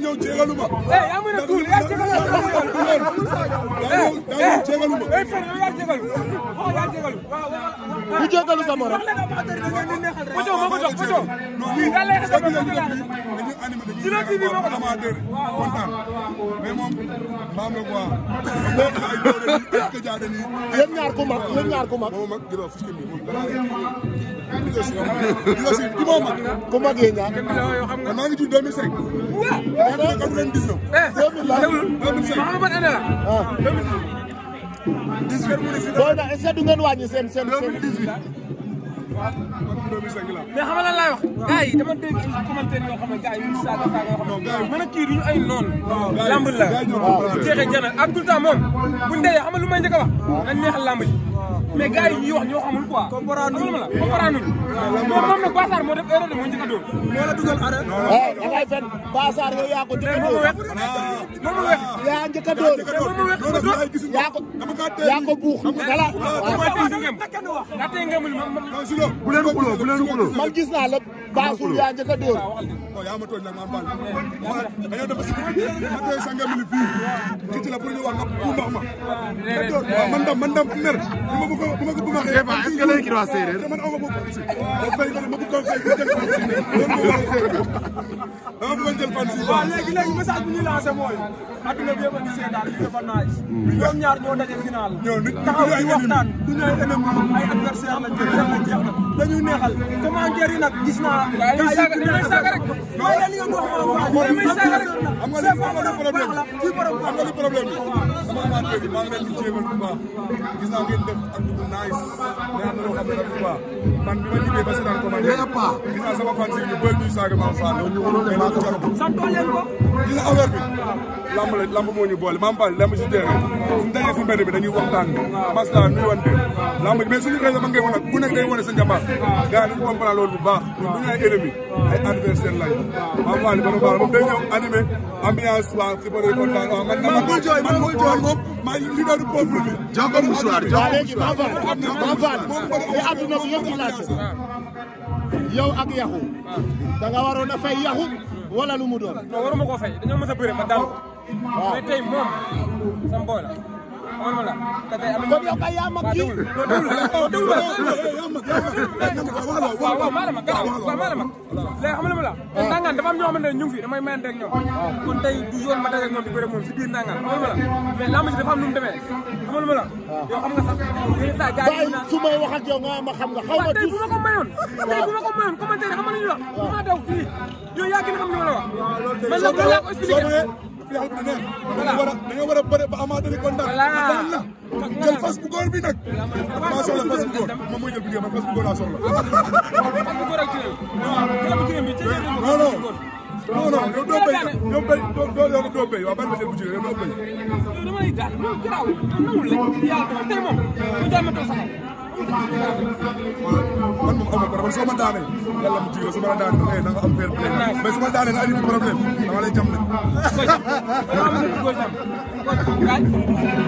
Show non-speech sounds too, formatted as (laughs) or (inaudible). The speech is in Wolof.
ñëw jégalu ma. Eh, yaa mën a tuuli yaa eh, eh, jégalu ma. yaa jégalu ma. bu jégalu sa morom. Pocho moo ko jox Pocho. ci la TV moo ko amateur kontaan mais moom mbaam la quoi. yéen ñaar ku mag yéen ñaar ku mag. moom mag gërëm fukki bi moom dara di ko si di moo mag. ku maa ngi ci 2005. waaw. 2019. 2005. 2005. booy na est-ce que du ngeen wàññi seen seen seen. mais xam nga lan laay wax. gars yi dama dégg commentaire yoo xam ne a kii du ay noon. lamb la waaw jeexee jana ak tout moom bu ñu dee xam nga lu may njëkk a wax. neexal lamb ji. mais gars yi ñuy wax ñoo xamul quoi. comprendre nu la comprendre nu moom nag Basaar moo def erreur de moo njëkk a dóor. moo la dugal arrêt. Eh, eh, da ngay fen Basaar yow yaa ko ah. njëkk a dóor. yaa njëkk a dóor. yaa ko yaa ko buux. voilà. ngëm nattee ngëm li ma bu leen xuloo bu leen xuloo man gis naa la baasul yaa njëkk a dóor non yaa ma tooñ nag ma baal dañoo def si ma tooy sa ngëm li fii ci ci a waaw léegi léegi message bu ñuy lancé mooy adduna bi yëpp a ngi seetaan lii dafa naaj ñoom ñaar ñoo daje final taxaw di waxtaan du ñooy ennemi ay adversaire lañ jeex na jeex na dañuy neexal commentaire yi nag gis naa ay damay saaga rek li nga léegi maa ngi leen di jéemal bu baax gis naa ngeen def ak dugub naaj mais am na loo xam ne nag bu baax man bi ma ñibbee ba si naan commande gis naa sama fan si ñu bëri ñuy saaga Mame Fall. loolu ñu waroon leen maa ko gis nga affaire bi. lamb la lamb moo ñu boole maam Fall lamb si suñu dajee suñu benn bi dañuy waxtaan masla nuy wante lamb mais suñu xëy sama ngay wane ku nekk day wane sa njàmbaar gars yi dañu comprendre bu baax ñun duñu ennemi ay adversaire lañ maam Fall ba baax moom day ñëw animé ambiance waa si bëri kontaan waaw man man bul jooy man bul jooy moom maa ngi li peuple bi jox ko mouchoir jox ko mouchoir yow ak ah. da nga fay wala lu mu doon fay ma mais tey moom sama boy la amoon ma la te tey am na. kon yow kay yaa mag kii waaw déglu waaw déglu waaw waaw waaw maa la mag waaw maa la mag léegi xam nga ma la. waaw ndàngaan dafa am ñoo xamante ne ñu ngi fi damay mayante ak ñoom. waaw kon tey du yoon ma daje ak ñoom di bëre moom si biir ndàngaan xam nga ma la mais lamb ji dafa am nu mu demee xam nga ma la. waaw yow xam nga sax yéen saa gars yi su may wax ak yow nga ma xam nga xaw ma. tey bu ma ko mayoon. waaw tey bu ma ko mayoon commentaire xam nga lu ñuy wax. waaw bu ma daw fii yow yaa gën a xam li ma la wax. waaw loolu bi am du neex da war a da nga war a bëre ba Ama dani ko ndar daan la jël fas bu góor bi nag maa soxla fas bu góor moom mooy jël bu góor fas bu góor laa soxla non non non non yow doo béy yow béy doo doo yow doo béy waaw ban la bu jigéen yow doo béy man moom aw ma problème soo ma daanee yàlla mu jiw su ma la daanee ba eh, na nga am fair play mais su ma daanee nga indi problème dama lay jam nag. (laughs)